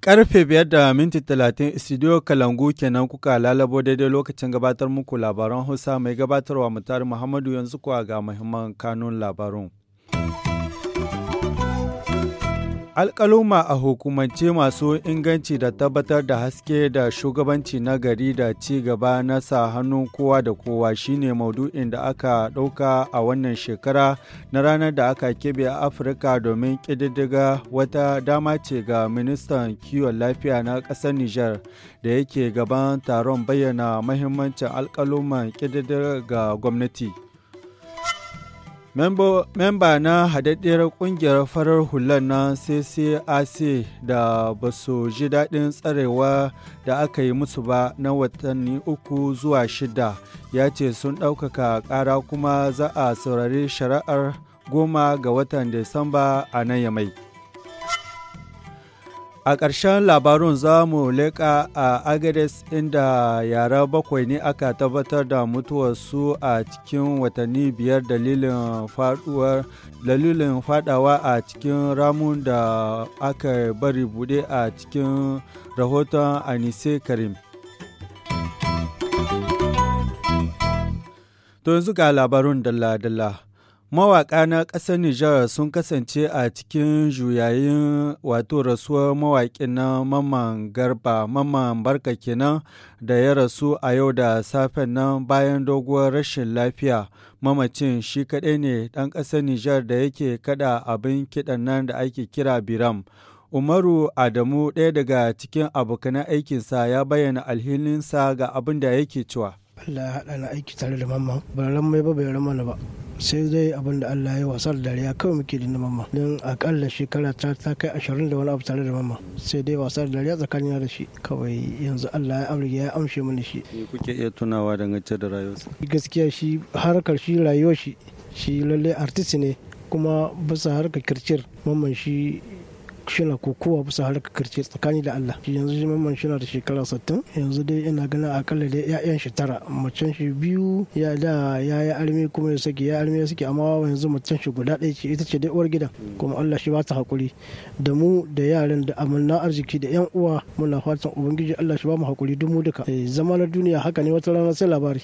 Karfe biyar da minti talatin studio Kalangu kenan kuka lalabo daidai lokacin gabatar muku labaran Hausa mai gabatarwa mutari Muhammadu yanzu kuwa ga muhimman kanun labarun. alkaluma a hukumance masu inganci da tabbatar da haske da shugabanci na gari da ci gaba na sa hannun kowa da kowa shine maudu'in da aka ɗauka a wannan shekara na ranar da aka kebe a afirka domin ƙididdiga wata dama ce ga ministan kiwon lafiya na ƙasar niger da yake gaban taron bayyana mahimmancin alkaluman ƙididdiga ga gwamnati Memba na hadaddiyar ƙungiyar farar hular na CCAC da ba su ji daɗin tsarewa da aka yi musu ba na watanni uku zuwa shida ya ce sun ɗaukaka ƙara kuma za a saurari shari'ar goma ga watan Disamba a nan yamai. A ƙarshen labarun za mu leƙa a Agades inda yara bakwai ne aka tabbatar da mutuwarsu a cikin watanni biyar dalilin fadawa a cikin ramun da aka bari buɗe a cikin rahoton Anise Karim. To yanzu ga labarun dalla-dalla. Mawaƙa na ƙasar Nijar sun kasance a cikin juyayin wato rasuwar mawaƙin na Mamman Garba, Mamman Barka kenan da ya rasu a yau da safen nan bayan doguwar rashin lafiya. Mamacin shi kaɗai ne ɗan ƙasar Nijar da yake kaɗa abin kiɗan nan da ake kira Biram. Umaru Adamu ɗaya daga cikin abokan aikinsa ya bayyana alhininsa ga abin da yake cewa. Allah ya haɗa na aiki tare da mamman ba ran mai ba bai ran mana ba sai dai abin da Allah ya wasar da dariya kawai muke da mamma don akalla shekara ta ta kai ashirin da wani abu tare da mamma sai dai wasar da dariya tsakanin da shi kawai yanzu Allah ya amurge ya amshe mini shi me kuke iya tunawa dangance da rayuwarsa gaskiya shi harkar shi rayuwar shi shi lalle artist ne kuma bisa harkar kirkir mamman shi shina kowa bisa harkar karce tsakani da Allah yanzu shi mamman shina da shekara 60 yanzu dai ina ganin akalla dai ya'yan shi tara macen shi biyu ya da ya yi armi kuma ya saki ya armi ya saki amma yanzu macen shi guda ɗaya ce ita ce dai uwar gidan kuma Allah shi ba ta hakuri da mu da yaran da amanna arziki da yan uwa muna fatan ubangiji Allah shi ba mu hakuri duk mu duka eh, zama na duniya haka ne wata rana sai labari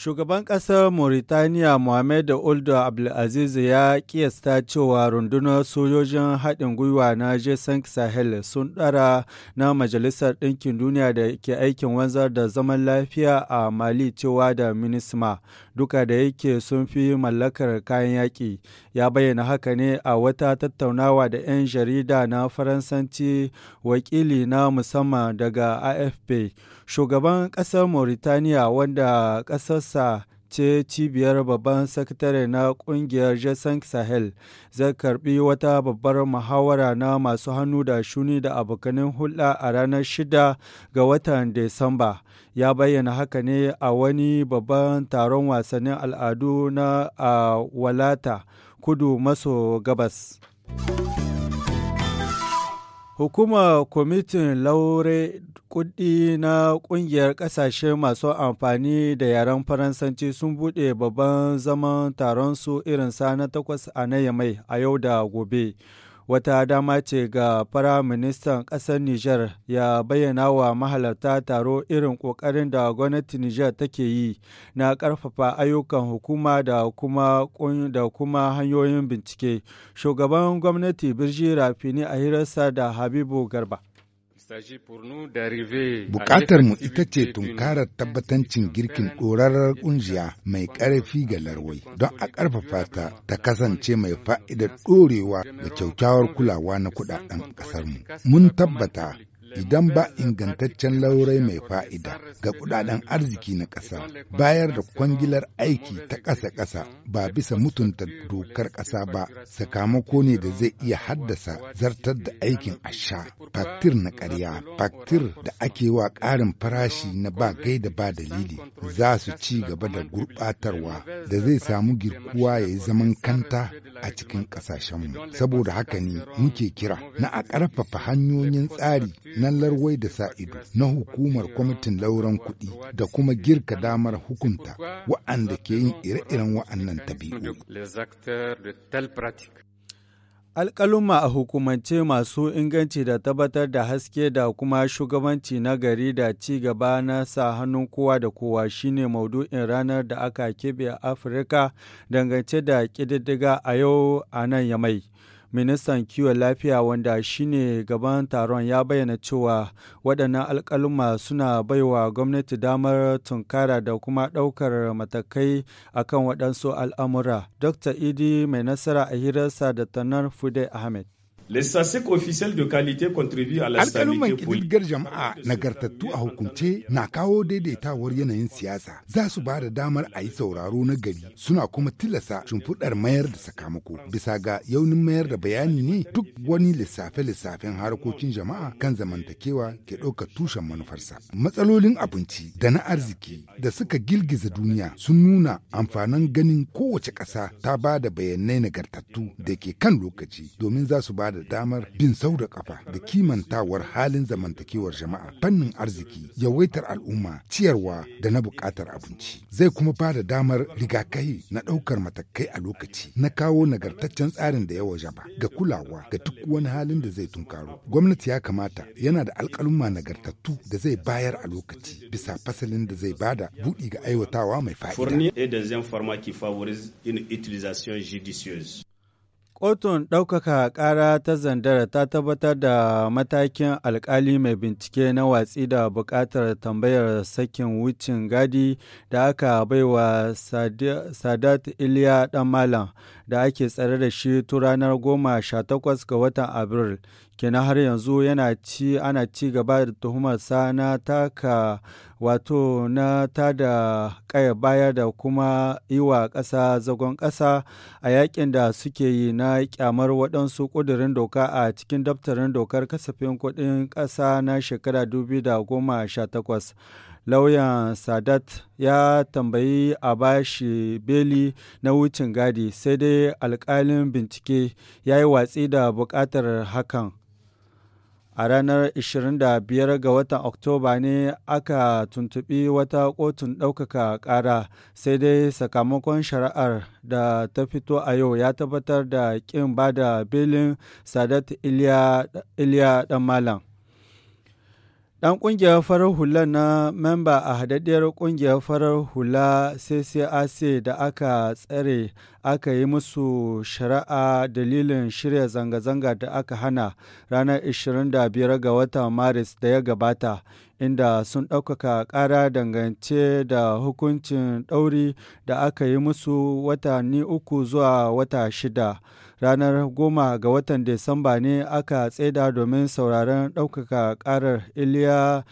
Shugaban ƙasar Mauritaniya Mohamed Ould abdulaziz ya kiyasta cewa rundunar sojojin haɗin gwiwa na JeSan Sahel sun ɗara na Majalisar Ɗinkin Duniya da ke aikin wanzar da zaman lafiya a Mali cewa da Minisma, duka da yake sun fi mallakar kayan yaƙi. Ya bayyana haka ne a wata tattaunawa da 'yan jarida na Faransanci wakili na musamman daga AFP. Shugaban ƙasar Mauritaniya wanda ƙasarsa ce cibiyar babban sakatare na ƙungiyar jason sahel zai karbi wata babbar muhawara na masu hannu da shuni da abokanin hulɗa a ranar 6 ga watan disamba ya bayyana haka ne a wani babban taron wasannin al'adu na a walata kudu maso gabas. Hukumar Kwamitin Laure kudi na kungiyar kasashe Masu Amfani da Yaren Faransanci sun bude babban zaman taron su sa na takwas a na Yamai a yau da gobe. wata dama ce ga Firaministan ƙasar Nijar ya bayyana wa mahalarta taro irin ƙoƙarin da gwamnati Nijar take yi na ƙarfafa ayyukan hukuma da kuma da kuma hanyoyin bincike. Shugaban gwamnati Birji Rafini a hirarsa da Habibu Garba. Bukatar mu ita ce tunkarar tabbatancin girkin ɗorarar ƙungiya mai ƙarfi ga larwai don a ƙarfafa ta ta kasance mai fa'idar ɗorewa da kyaukyawar kulawa na kuɗaɗen ƙasarmu. Mun tabbata idan ba ingantaccen laurai mai fa'ida ga kudaden arziki na ƙasa bayar da kwangilar aiki ta ƙasa-ƙasa ba bisa mutunta dokar ƙasa ba sakamako ne da zai iya haddasa zartar da aikin asha faktir na ƙarya faktir da ake wa ƙarin farashi na ba gai da ba dalili za su ci gaba da gurɓatarwa da zai samu girkuwa ya yi zaman kanta a cikin ƙasashenmu. Saboda haka ne muke kira na a ƙarfafa hanyoyin tsari na larwai da sa na hukumar kwamitin lauran kuɗi da kuma girka damar hukunta wa'anda ke yin ire-iren wa'annan tabi'u. Alƙaluma a hukumance masu inganci da tabbatar da haske da kuma shugabanci na gari da ci gaba na sa hannun kowa da kowa shine maudu'in ranar da aka keɓe a Afirka dangance da ƙididdiga a yau a nan ya mai. ministan kiwon lafiya wanda shine gaban taron ya bayyana cewa waɗannan alƙaluma suna baiwa gwamnati damar tunkara da kuma ɗaukar matakai akan waɗansu al'amura dr idi mai nasara a hirarsa da tanar fude ahmed Les SASEC officiels de qualité contribuent à la stabilité politique. jama'a nagartattu a hukunce na kawo daidaitawar yanayin siyasa. Za su ba da damar a yi sauraro na gari suna kuma tilasa shimfiɗar mayar da sakamako. Bisa ga yaunin mayar da bayani ne duk wani lissafe-lissafen harkokin jama'a kan zamantakewa ke ɗauka tushen manufarsa. Matsalolin abinci da na arziki da suka girgiza duniya sun nuna amfanin ganin kowace ƙasa ta ba da bayanai nagartattu da ke kan lokaci domin za su ba da da damar bin sau da kafa da kimantawar halin zamantakewar jama'a fannin arziki yawaitar al'umma ciyarwa da na bukatar abinci zai kuma ba da damar rigakahi na ɗaukar matakai a lokaci na kawo nagartaccen tsarin da yawa jaba ga kulawa ga duk wani halin da zai tunkaro gwamnati ya kamata yana da alƙaluma nagartattu da zai bayar a lokaci bisa fasalin da zai bada buɗi ga aiwatawa mai fa'ida. Fournir et des informa qui une utilisation judicieuse. Kotun ɗaukaka ƙara ta Zandara ta tabbatar da matakin alkali mai bincike na watsi da buƙatar tambayar sakin wucin gadi da aka baiwa Sadat Iliya ɗan malam. da ake tsare da shi tun ranar goma ga watan Abril. Kenan har yanzu yana ci ana ci gaba da tuhumarsa na taka wato na ta da kaya baya da kuma yi wa ƙasa zagon ƙasa a yakin da suke yi na kyamar waɗansu ƙudurin doka a cikin daftarin dokar kasafin kuɗin ƙasa na shekara 2018. lauyan sadat ya tambayi a bashi beli na wucin gadi sai dai alkalin bincike ya yi watsi da bukatar hakan a ranar 25 ga watan oktoba ne aka tuntubi wata kotun ɗaukaka ƙara sai dai sakamakon shari'ar da ta fito a yau ya tabbatar da ƙin bada belin sadat iliya dan malam Ɗan ƙungiyar farar hula na memba a hadaddiyar ƙungiyar farar hula CCAC da aka tsare aka yi musu shari'a dalilin shirya zanga-zanga da aka hana ranar 25 ga watan maris da ya gabata inda sun ɗaukaka ƙara dangance da hukuncin ɗauri da aka yi musu watanni uku zuwa wata shida ranar goma ga watan Disamba ne aka tseda domin sauraron ɗaukaka ƙarar iliya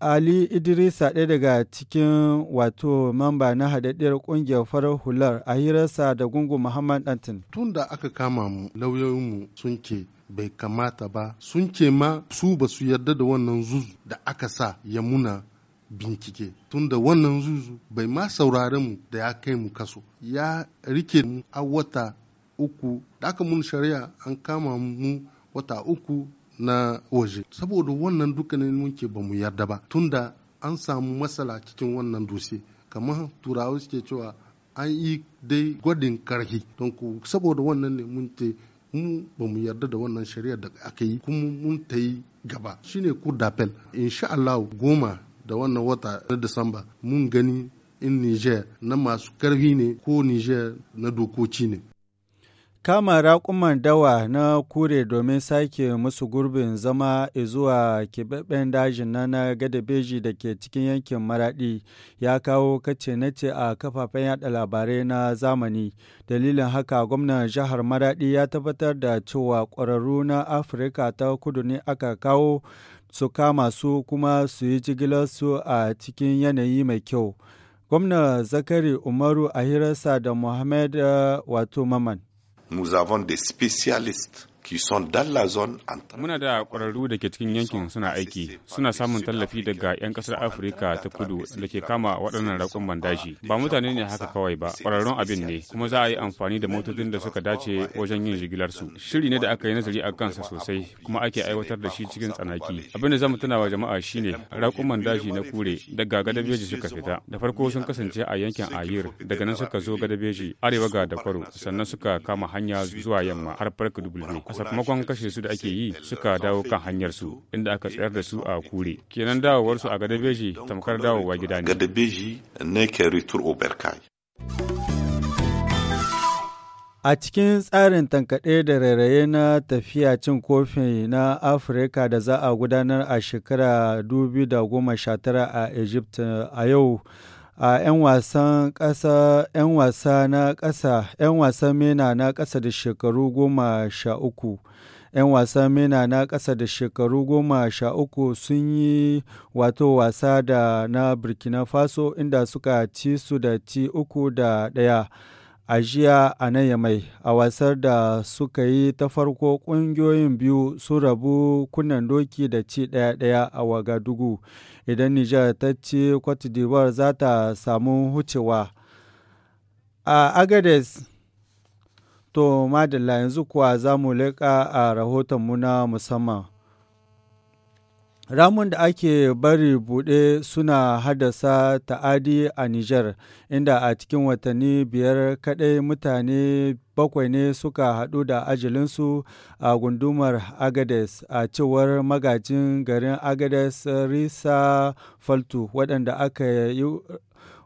Ali Idrisa ɗaya daga cikin wato mamba na haɗaɗɗiyar ƙungiyar farar hular a hirarsa da gungun Muhammad Dantin. Tun da aka kama mu lauyoyinmu sun ce bai kamata ba sun ce ma su ba su yarda da wannan zuzu da aka sa ya muna bincike tun da wannan zuzu bai ma saurare mu da ya kai mu kaso ya rike mu a wata uku da aka mun shari'a an kama mu wata uku na waje saboda wannan dukkanin muke ba mu yarda ba tunda an samu matsala cikin wannan dose kamar turawa suke cewa an yi dai gwadin karhi don saboda wannan ne mun ce mu ba mu yarda da wannan shari'ar da aka yi kuma mun ta yi gaba shine ku d'appel insha Allah goma da wannan wata na Disamba mun gani in Niger na masu karfi ne ko Niger na dokoki ne kama raƙuman dawa na kure domin sake musu gurbin zama zuwa keɓaɓɓen dajin na na beji da ke cikin yankin maraɗi ya kawo kace nace a kafafen yada labarai na zamani dalilin haka gwamnan jihar maraɗi ya tabbatar da cewa ƙwararru na afirka ta kudu ne aka kawo su kama su kuma su yi jigilar su a cikin yanayi mai kyau gwamna zakari umaru a hirarsa da muhammad eh, wato maman nous avons des spécialistes Muna da ƙwararru da ke cikin yankin suna aiki, suna samun tallafi daga 'yan ƙasar Afirka ta kudu da ke kama waɗannan rakon bandaji. Ba mutane ne haka kawai ba, ƙwararrun abin ne, kuma za a yi amfani da motocin da suka dace wajen yin jigilar su. Shiri ne da aka yi nazari a kansa sosai, kuma ake aiwatar da shi cikin tsanaki. Abin da mu tuna wa jama'a shi shine rakon bandaji na kure daga gadabeji suka fita. Da farko sun kasance a yankin Ayir, daga nan suka zo gadabeji arewa ga Dakwaro, sannan suka kama hanya zuwa yamma har Farka Dubulbe. sakamakon kashe su da ake yi suka dawo kan hanyar su inda aka tsayar da su a kure kenan dawowar su a gadabeji tamkar dawowa gida ne A cikin tsarin tankaɗe da rairaye na tafiya cin kofi na Afirka da za a gudanar a shekara 2019 a Egypt a yau, a 'yan wasan ƙasa 'yan wasa na ƙasa 'yan wasan mena na ƙasa da shekaru goma sha uku 'yan wasan mena na ƙasa da shekaru goma sha uku sun yi wato wasa da na burkina faso inda suka ci su da ci uku da ɗaya a jiya a nan yamai a wasar da suka yi ta farko ƙungiyoyin biyu sun rabu kunnen doki da ci daya daya a wagadugu idan nijar ta ci cote d'ivoire za ta samu hucewa a agades to madalla yanzu kuwa za mu leƙa a rahotonmu na musamman Ramun da ake bari bude suna haddasa ta'adi a Nijar, inda a cikin watanni biyar kaɗai mutane bakwai ne suka haɗu da ajalinsu a gundumar Agades a cewar magajin garin Agades Risa Faltu waɗanda aka yi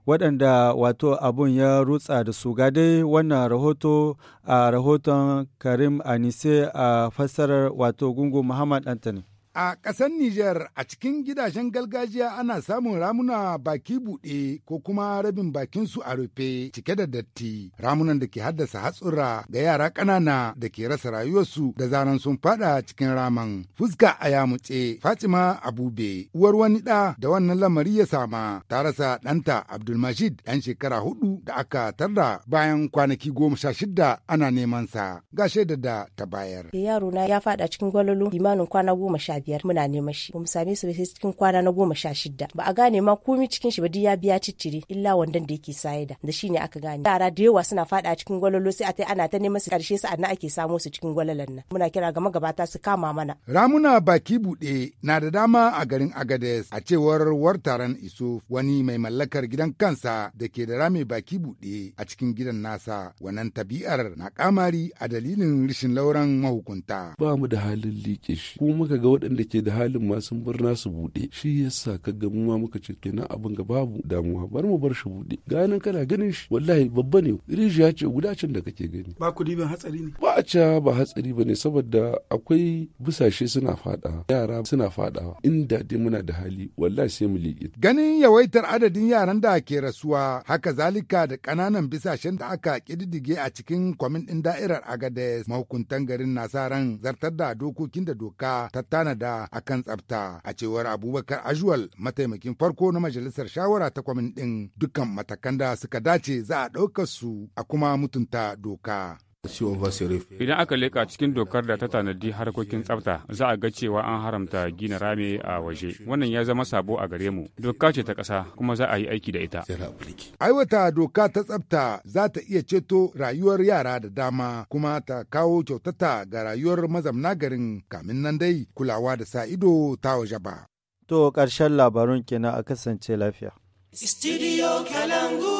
waɗanda wato abun ya rutsa da su gade wannan rahoto a rahoton karim anise a fassarar wato gungu muhammad antani A ƙasar Nijar a cikin gidajen gargajiya ana samun ramuna baki buɗe ko kuma rabin bakin su a rufe cike da datti, ramunan da ke haddasa hatsura ga yara ƙanana da ke rasa rayuwarsu da zaran sun fada cikin raman. Fuska a yamuce Fatima Abube, uwar wani ɗa da wannan lamari ya sama, ta rasa ɗanta Abdulmajid ɗan shekara hudu da aka tarda bayan kwanaki goma sha shida ana neman sa. Ga shaida da ta bayar. Yaro na ya faɗa cikin gwalolo imanin kwana goma sha biyar muna neman shi bamu same su ba sai cikin kwana na goma sha shida ba a gane ma komi cikin shi ba duk ya biya ciccire illa wandan da yake saye da da shine aka gane yara da yawa suna fada cikin gwalolo sai a tai ana ta neman su karshe na ake samo su cikin gwalalan nan muna kira ga magabata su kama mana ramuna baki buɗe na da dama a garin agades a cewar wartaran iso wani mai mallakar gidan kansa da ke da rame baki buɗe a cikin gidan nasa wannan tabi'ar na kamari a dalilin rashin lauran mahukunta ba mu da halin liƙe shi ko muka ga waɗanda ke da halin ma sun bar nasu buɗe shi yasa ka ga mu ma muka ce kenan abin ga babu damuwa bar mu bar shi buɗe ganin kana ganin shi wallahi babba ne rijiya ce guda can da kake gani ba ku diban hatsari ne ba a ca ba hatsari ba ne saboda akwai busashe suna fada yara suna fadawa inda dai muna da hali wallahi sai mu liƙe ganin yawaitar adadin yaran da ke rasuwa haka zalika da ƙananan bisashen da aka ƙididdige a cikin kwamin ɗin da'irar agades mahukuntan garin nasaran zartar da dokokin da doka ta tana da a kan tsafta a cewar Abubakar Ajuwal mataimakin farko na majalisar shawara ta kwamin ɗin dukkan matakan da suka dace za a ɗaukar su a kuma mutunta doka. Idan aka leƙa cikin dokar da ta tanadi harkokin tsafta, za a ga cewa an haramta gina rame a waje. Wannan ya zama sabo a gare mu. Doka ce ta ƙasa kuma za a yi aiki da ita. Aiwata doka ta tsafta za ta iya ceto rayuwar yara da dama kuma ta kawo kyautata ga rayuwar mazamna garin kamin nan dai kulawa da sa ido ta waje ba. To ƙarshen labarun kenan a kasance lafiya. Studio Kalangu.